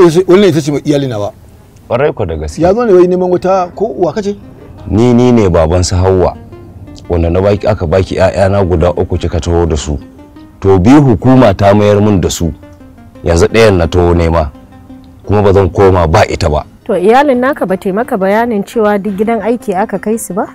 wannan ta ce iyali na ba ya zo ne wai neman wata ko uwa kace ni ni ne baban su Hauwa wanda na baki aka baki ƴaƴana guda uku kika taho da su to bi hukuma ta mayar mun da su yanzu ɗayan na taho nema kuma ba zan koma ba ita ba to iyalin naka ba taimaka bayanin cewa duk gidan aiki aka kai su ba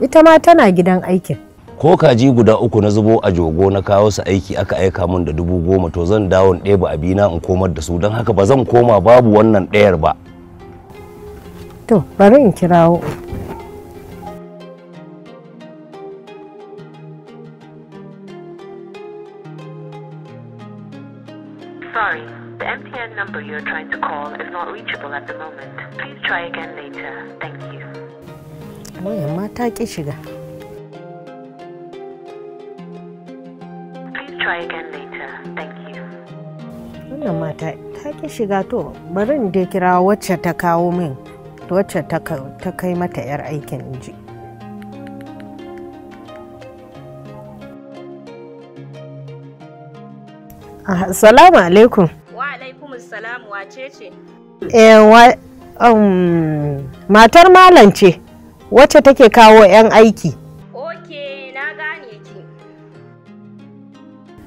ita ma tana gidan aikin ko kaji guda uku na zubo a jogo na kawo su aiki aka aika min da dubu goma to zan dawo in ɗeba abina in komar da su don haka ba zan koma babu wannan ɗayar ba to bari in kirawo Sorry, the MTN number you're trying to call is not reachable at the moment. Please try again later. Thank you. Wayan mata ta ki shiga. Wannan mata ta ki shiga to bari in dai kira wacce ta kawo min wacce ta kai mata 'yar aikin inji. Assalamu alaikum. Wa alaikum assalam wace ce? Eh wa um, matar malam ce wacce take kawo 'yan aiki.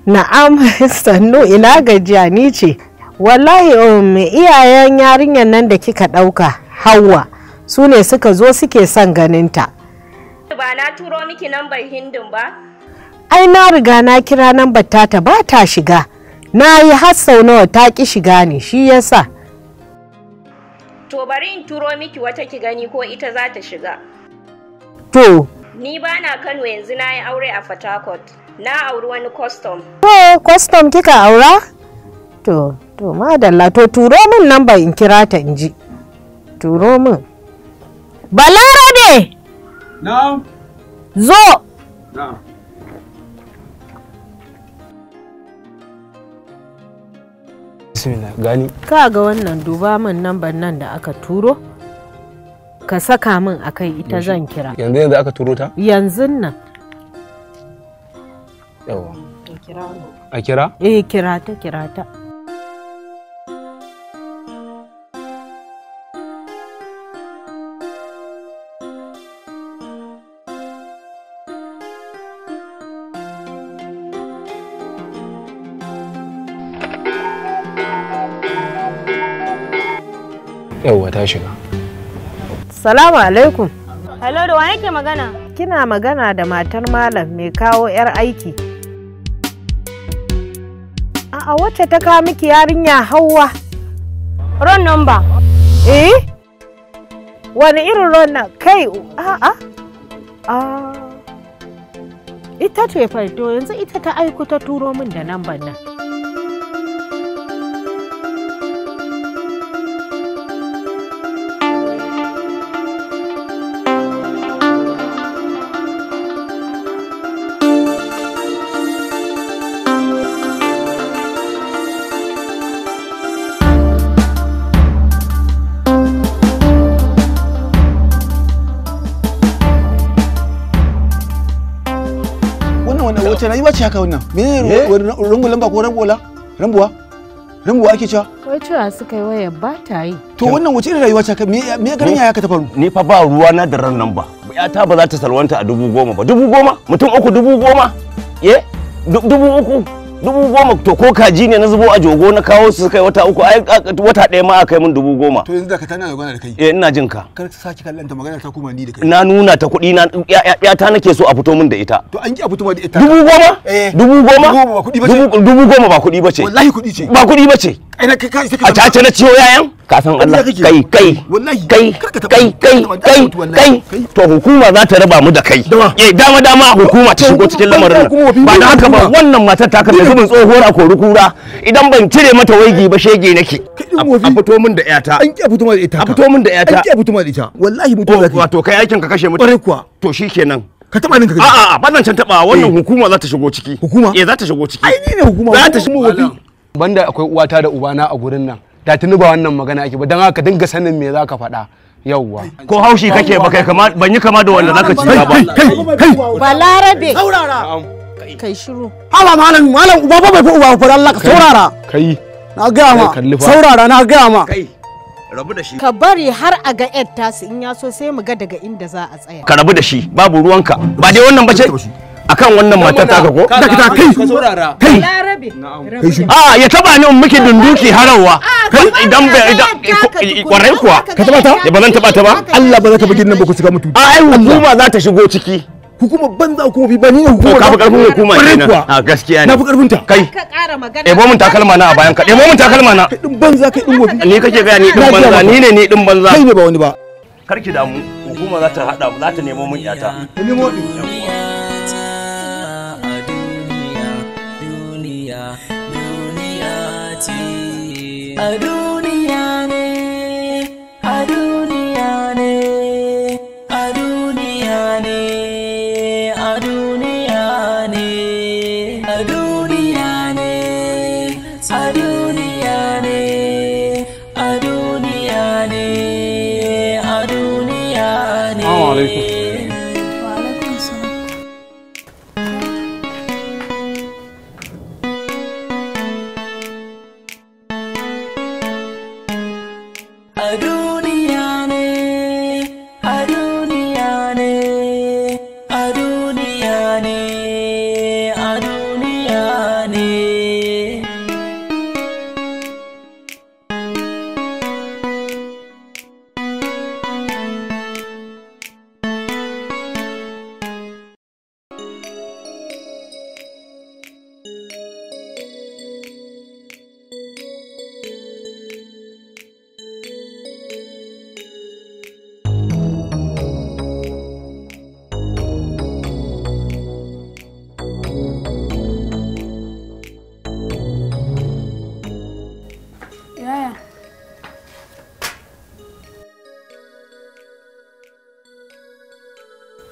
na'am sannu ina gajiya ni ce wallahi um, iyayen yarinyar nan da kika ɗauka hawa su ne suka zo suke son ganinta ba na turo miki nambar hindin ba ai na riga na kira nambar tata ba ta shiga na yi har nawa ta ki shiga ne shi yasa to bari in turo miki wata ki gani ko ita za ta shiga to ni ba na kano yanzu na yi aure a fatakot Na auri wani custom. To, custom kika aura? To, to madalla to turo min nan in kira ta in ji. Turo min. Balarabe! Na'am. Zo! Na'am. bismillah gani ka ga wannan duba min namban nan da aka turo ka saka min kai ita zan kira yanzu yanzu aka turo ta yanzu nan yawa a kira eh kira ta kira ta yauwa ta shiga. Salamu alaikum. Hello da wa yake magana? Kina magana da matar malam mai kawo 'yar aiki. A wacce ta kawo miki yarinya Hauwa. Ron number. Eh? Wani irin ron nan? Kai, a'a. A... Ah. Ita ce farto yanzu ita ta aiko ta turo min da namban nan. wace yi ce haka wannan menene eh? rungu lamba ko rambola rambuwa rambuwa ake cewa wai cewa suka yi waya ba ta yi to wannan wace irin rayuwa ce ka me me garin yaya ka ta faru ni fa ba ruwa na da ran nan ba ta ba za ta salwanta a dubu goma ba dubu goma mutum uku dubu goma ye eh? dubu uku dubu goma to ko kaji ne na zubo a jogo na kawo su kai wata uku ai wata ɗaya ma aka yi min dubu goma to yanzu da ka tana magana da kai eh ina jin ka kar ka saki kallanta magana ta kuma ni da kai na nuna ta kuɗi na ya ta nake so a fito min da ita to an ki a fito ma da ita dubu goma eh. dubu goma dubu goma ba kuɗi bace wallahi kuɗi ce ba kuɗi bace ai na kai kai a cace na ciyo yayan ka san Allah kai kai kai kai kai kai kai to hukuma za ta raba mu da kai eh dama dama hukuma ta shigo cikin lamarin ba da haka ba wannan matar ta kasance zubin tsohuwar a kori kura idan ban cire mata waigi ba shege nake a fito min da yata an ke fito da ita a fito min da yata an ke fito da ita wallahi mutum zaka wato kai aikin ka kashe mutum kuwa to shikenan ka taba ninka a'a a ban can taba wannan eh. hukuma za ta shigo ciki hukuma eh za ta shigo ciki ai ne hukuma za ta shigo wafi banda akwai uwata da ubana a gurin nan da tuni ba wannan magana ake ba dan haka dinga sanin me za ka faɗa yauwa ko haushi kake ba kai kama ban yi kama da wanda zaka ci ba kai kai balarabe saurara kai shiru haba malam malam uba ba bai fi uba fara Allah ka saurara kai na gaya ma saurara na gaya ma kai rabu da shi ka bari har a ga yar tasu in ya so sai mu ga daga inda za a tsaya ka rabu da shi babu ruwanka ba dai wannan bace akan wannan matar ka ko da ta kai kai larabe a ya taba ni muke dunduki harawa idan bai idan kwarai kuwa ka taba ta ya ba zan taba ta ba Allah ba za ta bugin nan ba ku shiga mutu a ai hukuma za ta shigo ciki hukumar banza hukumar bi ba ni ne hukumar ka fi karfin hukuma ne a gaskiya ne na fi karfin ta kai ka kara magana ebo mun takalma na a bayan ka ebo mun takalma na din banza kai din wofi ni kake ga ni din banza ni ne ni din banza kai ne ba wani ba karki damu hukuma za ta hada za ta nemo mun yata ta nemo din a duniya duniya ce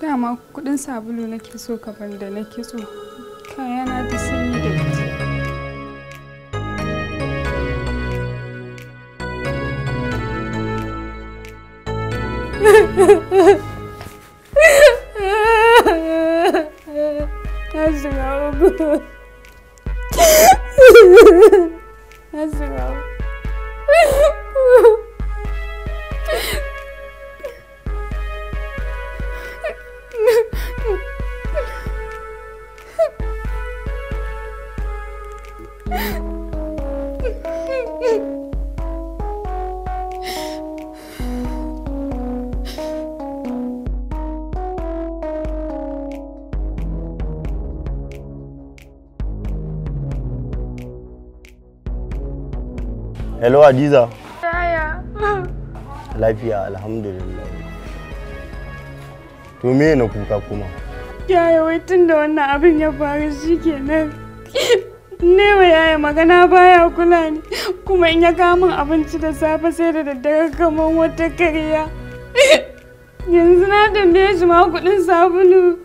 dama kudin sabulu nake so kaban da na so kayana da sun yi da ha ha ha Hello Adiza. Life Lafiya alhamdulillah. To me na kuka kuma? Yaya wai tun da wannan abin ya faru shikenan. ne wa yaya magana baya kula ne kuma in ya kama abinci da safe sai da daddare kamar wata karya yanzu na tambaye shi ma kudin sabulu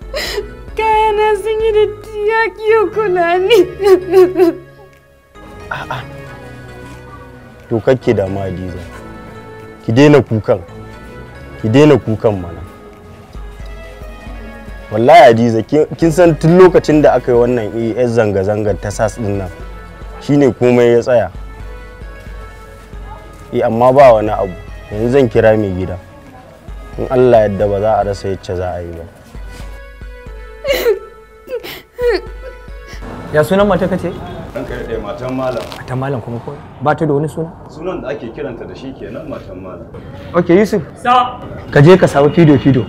kayana sun yi da ya kiyo kula ne. a'a to kakke da ma ki daina kukan ki daina kukan mana wallahi ajiza kin san tun lokacin da aka yi wannan es zanga-zangar ta sas din nan shine komai ya tsaya eh amma ba wani abu yanzu zan kira mai gida in allah yadda ba za a rasa yacce za a yi ba ya sunan mata kace kai ya matan malam matan malam kuma ko ba ta da wani suna sunan da ake kiranta da shi kenan matan malam okay yusuf sa ka je ka samu fido fido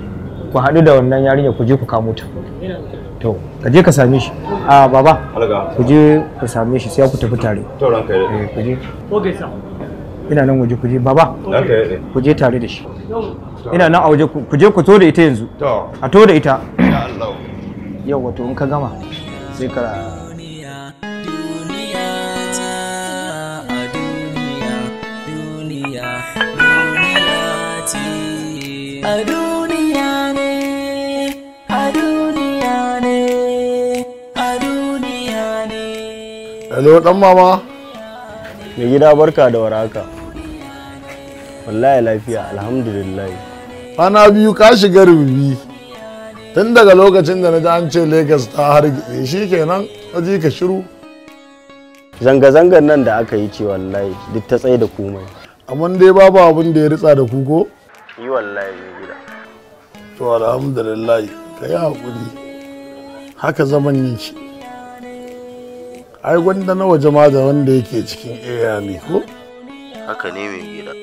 ku haɗu da wannan yarinya ku je ku kamo ta to ka je ka same shi a baba ku je ku same shi sai ku tafi tare to ranka ya eh, ku je ina nan waje ku je baba ku je tare da shi ina nan a waje ku je ku to da ita yanzu a to da ita yau wato in ka gama sai ka A duniya Hello dan mama. Mai gida barka da waraka. Wallahi lafiya alhamdulillah. Kwana biyu ka shiga rubi. Tun daga lokacin da na ji an ce Lagos ta hargitse shi kenan ka ji ka shiru. Zanga-zangar nan da aka yi ce wallahi duk ta tsaye da komai. Amma dai babu abin da ya ritsa da ku ko? Yi wallahi mai gida. To alhamdulillah ka yi Haka zaman yake. ai gwanda na waje ma da wanda yake cikin iyali ko haka ne mai gida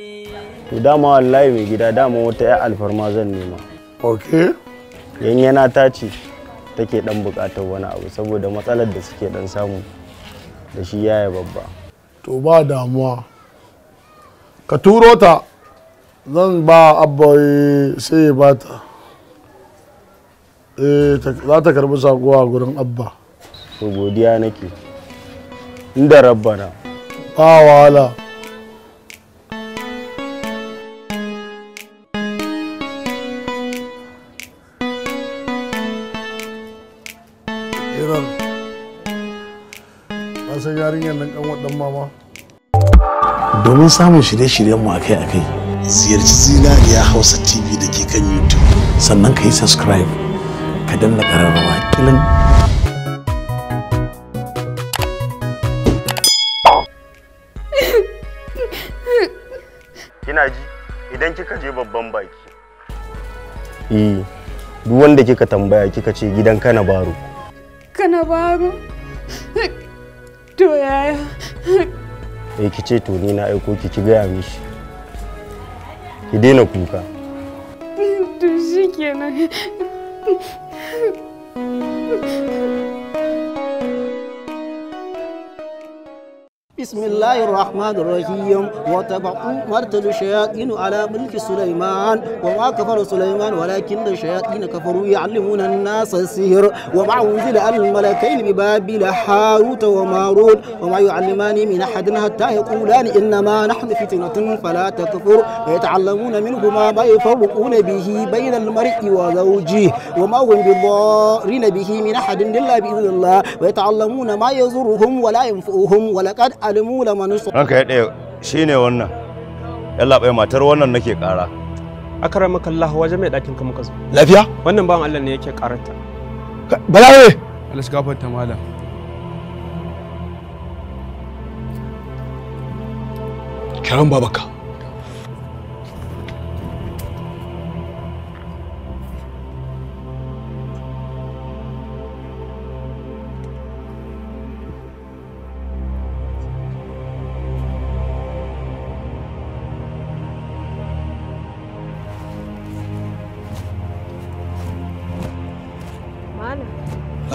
to dama wallahi mai gida dama wata ya alfarma zan nema ok yan ta ce take dan bukatar wani abu saboda matsalar da suke dan samu da shi yaya babba to ba damuwa ka turo ta zan ba abba eh, sai ya bata eh, za ta karbi sakowa a gurin abba to godiya nake da rabbana ba wahala iran yarinyar nan kan waɗan mama domin samun shirye-shiryenmu akai-akai ziyarci zinariya hausa tv da ke kan youtube sannan ka yi subscribe ka danna ƙararrawa kilin eh duk wanda kika tambaya kika ce gidan kana baro baro to yaya eh ki ce to ni na aiko ki ki gaya mishi ki daina kuka to shikenan بسم الله الرحمن الرحيم وتبعوا مرتد الشياطين على ملك سليمان وما كفر سليمان ولكن الشياطين كفروا يعلمون الناس السهر وما أنزل على الملكين ببابل هاروت وماروت وما يعلمان من أحد حتى يقولان إنما نحن فتنة فلا تكفر ويتعلمون منهما ما يفرقون به بين المرء وزوجه وما هم بضارين به من أحد إلا بإذن الله ويتعلمون ما يزرهم ولا ينفؤهم ولقد alimu la manusu ranka ya ɗaya shine wannan yalla bai matar wannan nake ƙara aka rama Allah waje mai ɗakin ka muka zo lafiya wannan bawan Allah ne yake ƙaranta balawe Allah shi gafarta malam kiran babaka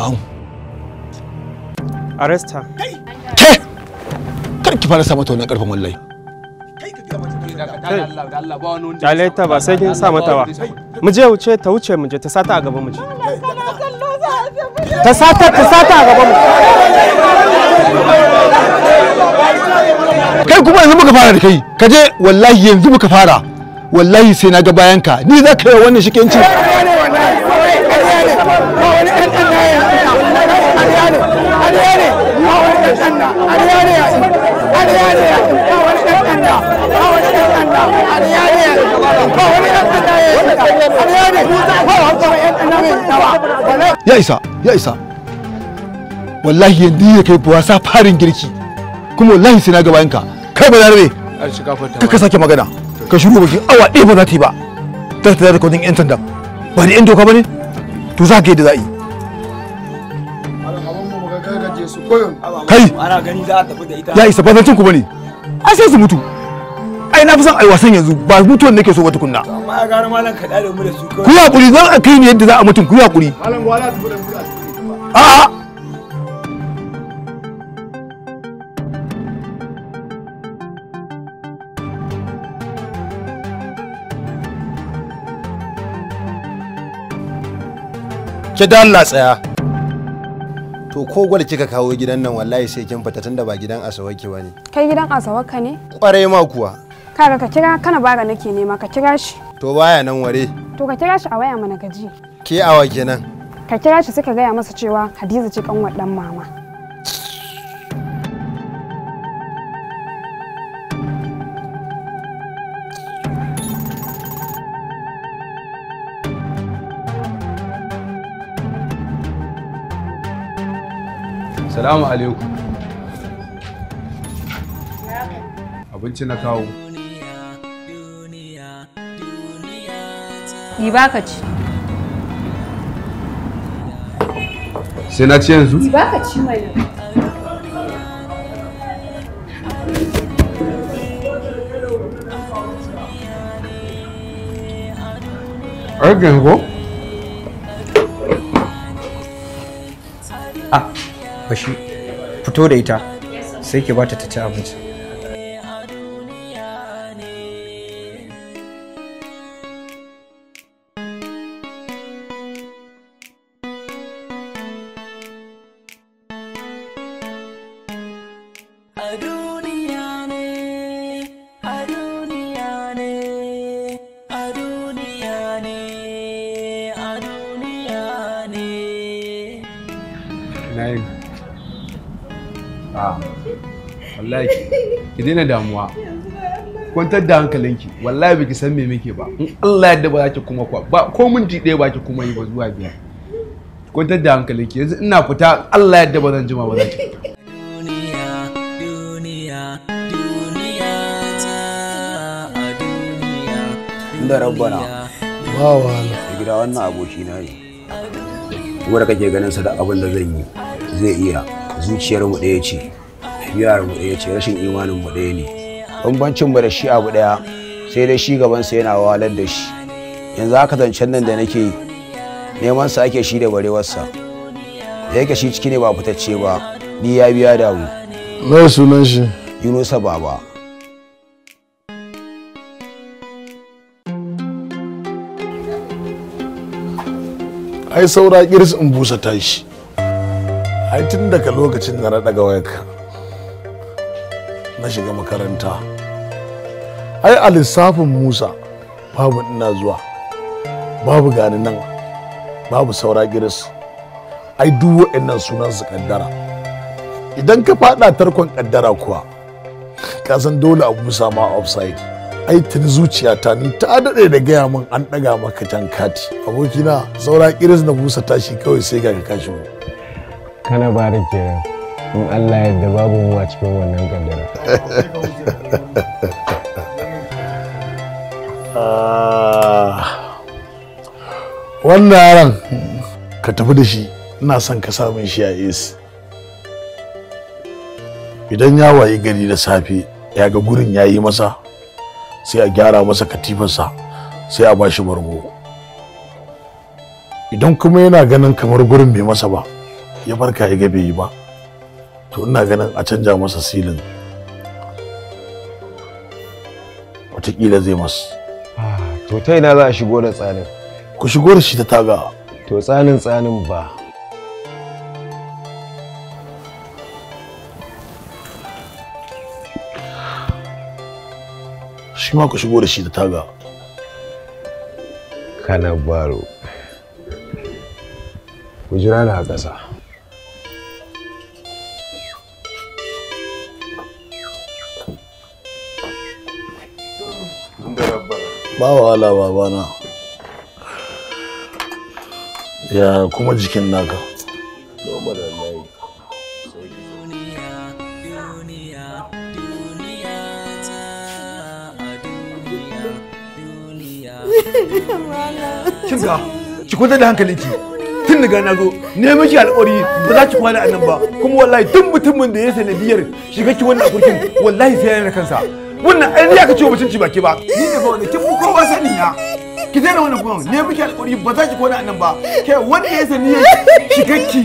ɓahun. Arresta. Ke! Kar ki fara sa mata wannan ƙarfin wallahi. Kyale ta ba sai kin sa mata ba. Mu je wuce ta wuce mu je ta sata a gaban mu je. Ta sata ta sata a gaban mu. Kai kuma yanzu muka fara da kai. Ka je wallahi yanzu muka fara. Wallahi sai na ga bayanka. Ni za ka yi wannan shikenci. ya isa ya isa wallahi yanzu ya kai buwasa farin girki kuma wallahi sai na ga bayanka kai ba zarabe ka ka sake magana ka shiru bakin awa ɗaya ba za ta yi ba ta ta da kudin yan sanda ba da yan doka ba ne to za ka yi da za a yi kai ya isa ba zancin ku ba ne ai sai su mutu ai na fi son ai wasan yanzu ba mutuwan nake so ba tukunna Ku ya kuri, zan a kai ne yadda za a mutum ku ya kuri. A'a. ta Ki dalla tsaya. to ko gwal kika kawo gidan nan wallahi sai kin fita tunda ba gidan asawaki bane kai gidan ka ne kwarai ma kuwa kaga ka kira kana bara nake nema ka kira shi to baya nan ware to ka kira shi a waya mana gaji ke awa kenan ka kira shi suka gaya masa cewa hadiza ce kanwar dan mama Salamu alaikum. Abinci na kawo. Yi ba ka ci. Sai na ci yanzu? Yi ba ka ci mai. Argan go? Ah, bashi fito da ita sai ki bata ta ci abinci. Ah, wallahi ki daina damuwa kwantar da hankalinki wallahi baki san me muke ba in Allah ya ba kuma kwa ba ko minti ɗaya ba ki kuma yi ba zuwa biyar kwantar da hankalinki yanzu ina fita Allah ya ba zan jima ba da rabbana ba wa gida wannan aboki na ne wanda kake ganin sa da abin da zan yi zai iya zuciyar mu ɗaya ce biyar mu ɗaya ce rashin imanin mu ɗaya ne bambancin mu da shi abu ɗaya sai dai shi gabansa yana walar da shi yanzu haka zancen nan da nake neman sa ake shi da barewarsa da yake shi ciki ne ba fitacce ba ni ya biya da mu mai sunan shi yunusa baba ai saura kirs in busa tashi ai tun daga lokacin da na daga wayarka na shiga makaranta ai a lissafin musa babu ina zuwa babu gani nan babu saura giris ai duk ina sunan su kaddara idan ka faɗa tarkon kaddara kuwa ka san dole abu sama offside ai tuni zuciyata ni ta daɗe da gaya min an ɗaga maka jan kati abokina saura kiris na busa tashi kawai sai ga ka kashi mu kana bari ke in allah yadda babu mu a cikin wannan kaddara ah. wannan yaron ka tafi da shi ina son ka samu shi a AC. idan ya wayi gari da safe ya ga gurin ya yi masa sai a gyara masa katifarsa sai a bashi bargo idan kuma yana ganin kamar gurin bai masa ba ya barka ya gabe yi ba to ina ganin a canja masa silin watakila zai masu ah, to ta ina za a shigo da tsanin ku shigo da shi ta taga to tsanin tsanin ba shi ma ku shigo da shi ta taga kana baro ku jira da ƙasa ba wahala babana ya kuma jikin naka Kinga, ki kwantar da hankalinki. Tun daga na zo, neman miki alƙawari ba za ki kwana a nan ba, kuma wallahi tun mutumin da ya sanadiyar shiga ki wannan kurkin wallahi sai yana kansa. wannan ai ya ka ce mutunci baki ba ni ne ba wani kin ko kowa sani ya ki daina wannan kuma ne muke alƙawari ba za ki kona nan ba kai wanda ya sani shigakki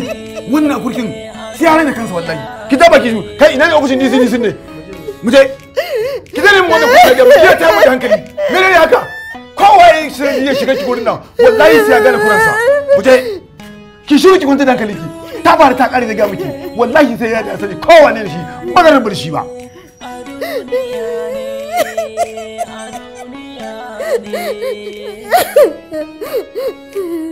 wannan kurkin sai ya raina kansa wallahi ki ta baki shi kai ina ne okushin disi disin ne mu je ki daina mu wannan kurkin ba ta mu da hankali me ne haka kowa ya sani ya shigakki gurin nan wallahi sai ya gane kuransa mu je ki shiru ki kwanta da hankali ki ta fara ta kare da ga miki wallahi sai ya da sani kowa ne shi ba zan bar shi ba Aduh, aduh, aduh.